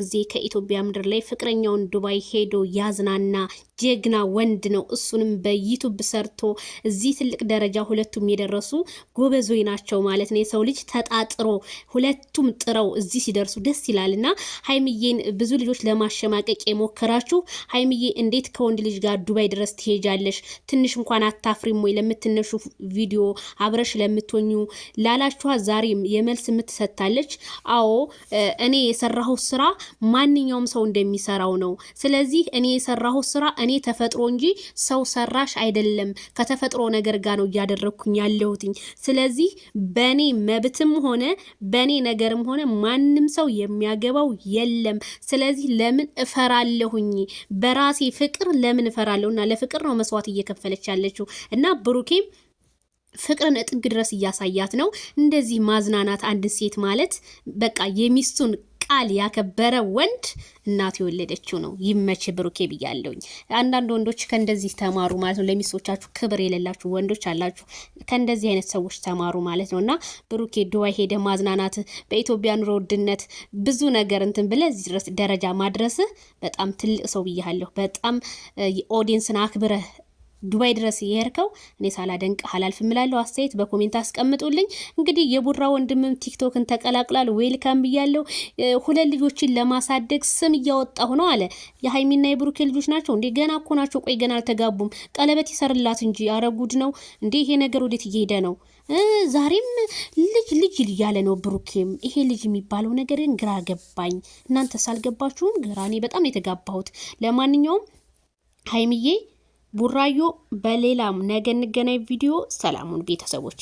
ጊዜ ከኢትዮጵያ ምድር ላይ ፍቅረኛውን ዱባይ ሄዶ ያዝናና ጀግና ወንድ ነው። እሱንም በዩቱብ ሰርቶ እዚህ ትልቅ ደረጃ ሁለቱም የደረሱ ጎበዞይ ናቸው ማለት ነው። የሰው ልጅ ተጣጥሮ ሁለቱም ጥረው እዚህ ሲደርሱ ደስ ይላል እና ሀይምዬን ብዙ ልጆች ለማሸማቀቅ የሞከራችሁ ሀይምዬ እንዴት ከወንድ ልጅ ጋር ዱባይ ድረስ ትሄጃለሽ? ትንሽ እንኳን አታፍሪም ወይ ለምትነሹ ቪዲዮ አብረሽ ለምትኙ ላላችኋ ዛሬ የመልስ የምትሰታለች። አዎ እኔ የሰራሁት ስራ ማንኛውም ሰው እንደሚሰራው ነው። ስለዚህ እኔ የሰራሁት ስራ እኔ ተፈጥሮ እንጂ ሰው ሰራሽ አይደለም፣ ከተፈጥሮ ነገር ጋር ነው እያደረግኩኝ ያለሁትኝ። ስለዚህ በእኔ መብትም ሆነ በእኔ ነገርም ሆነ ማንም ሰው የሚያገባው የለም። ስለዚህ ለምን እፈራለሁኝ? በራሴ ፍቅር ለምን እፈራለሁ? እና ለፍቅር ነው መስዋዕት እየከፈለች ያለችው እና ብሩኬም ፍቅርን እጥግ ድረስ እያሳያት ነው። እንደዚህ ማዝናናት አንድ ሴት ማለት በቃ የሚስቱን ቃል ያከበረ ወንድ እናት የወለደችው ነው። ይመች ብሩኬ ብያለውኝ። አንዳንድ ወንዶች ከእንደዚህ ተማሩ ማለት ነው። ለሚስቶቻችሁ ክብር የሌላችሁ ወንዶች አላችሁ፣ ከእንደዚህ አይነት ሰዎች ተማሩ ማለት ነው። እና ብሩኬ ዱባይ ሄደ ማዝናናት፣ በኢትዮጵያ ኑሮ ውድነት ብዙ ነገር እንትን ብለ እዚህ ድረስ ደረጃ ማድረስ በጣም ትልቅ ሰው ብያለሁ። በጣም ኦዲየንስን አክብረ ዱባይ ድረስ የሄድከው እኔ ሳላደንቅህ አላልፍም እላለሁ። አስተያየት በኮሜንት አስቀምጡልኝ። እንግዲህ የቡራ ወንድምም ቲክቶክን ተቀላቅሏል። ዌልካም ብያለሁ። ሁለት ልጆችን ለማሳደግ ስም እያወጣሁ ነው አለ። የሀይሚና የብሩኬ ልጆች ናቸው እንዴ? ገና እኮ ናቸው። ቆይ ገና አልተጋቡም። ቀለበት ይሰርላት እንጂ አረጉድ ነው እንዴ? ይሄ ነገር ወዴት እየሄደ ነው? ዛሬም ልጅ ልጅ እያለ ነው ብሩኬም። ይሄ ልጅ የሚባለው ነገርን ግራ ገባኝ። እናንተ ሳልገባችሁም ግራ። እኔ በጣም የተጋባሁት። ለማንኛውም ሀይሚዬ ቡራዮ በሌላም ነገ እንገናኝ ቪዲዮ ሰላሙን ቤተሰቦቼ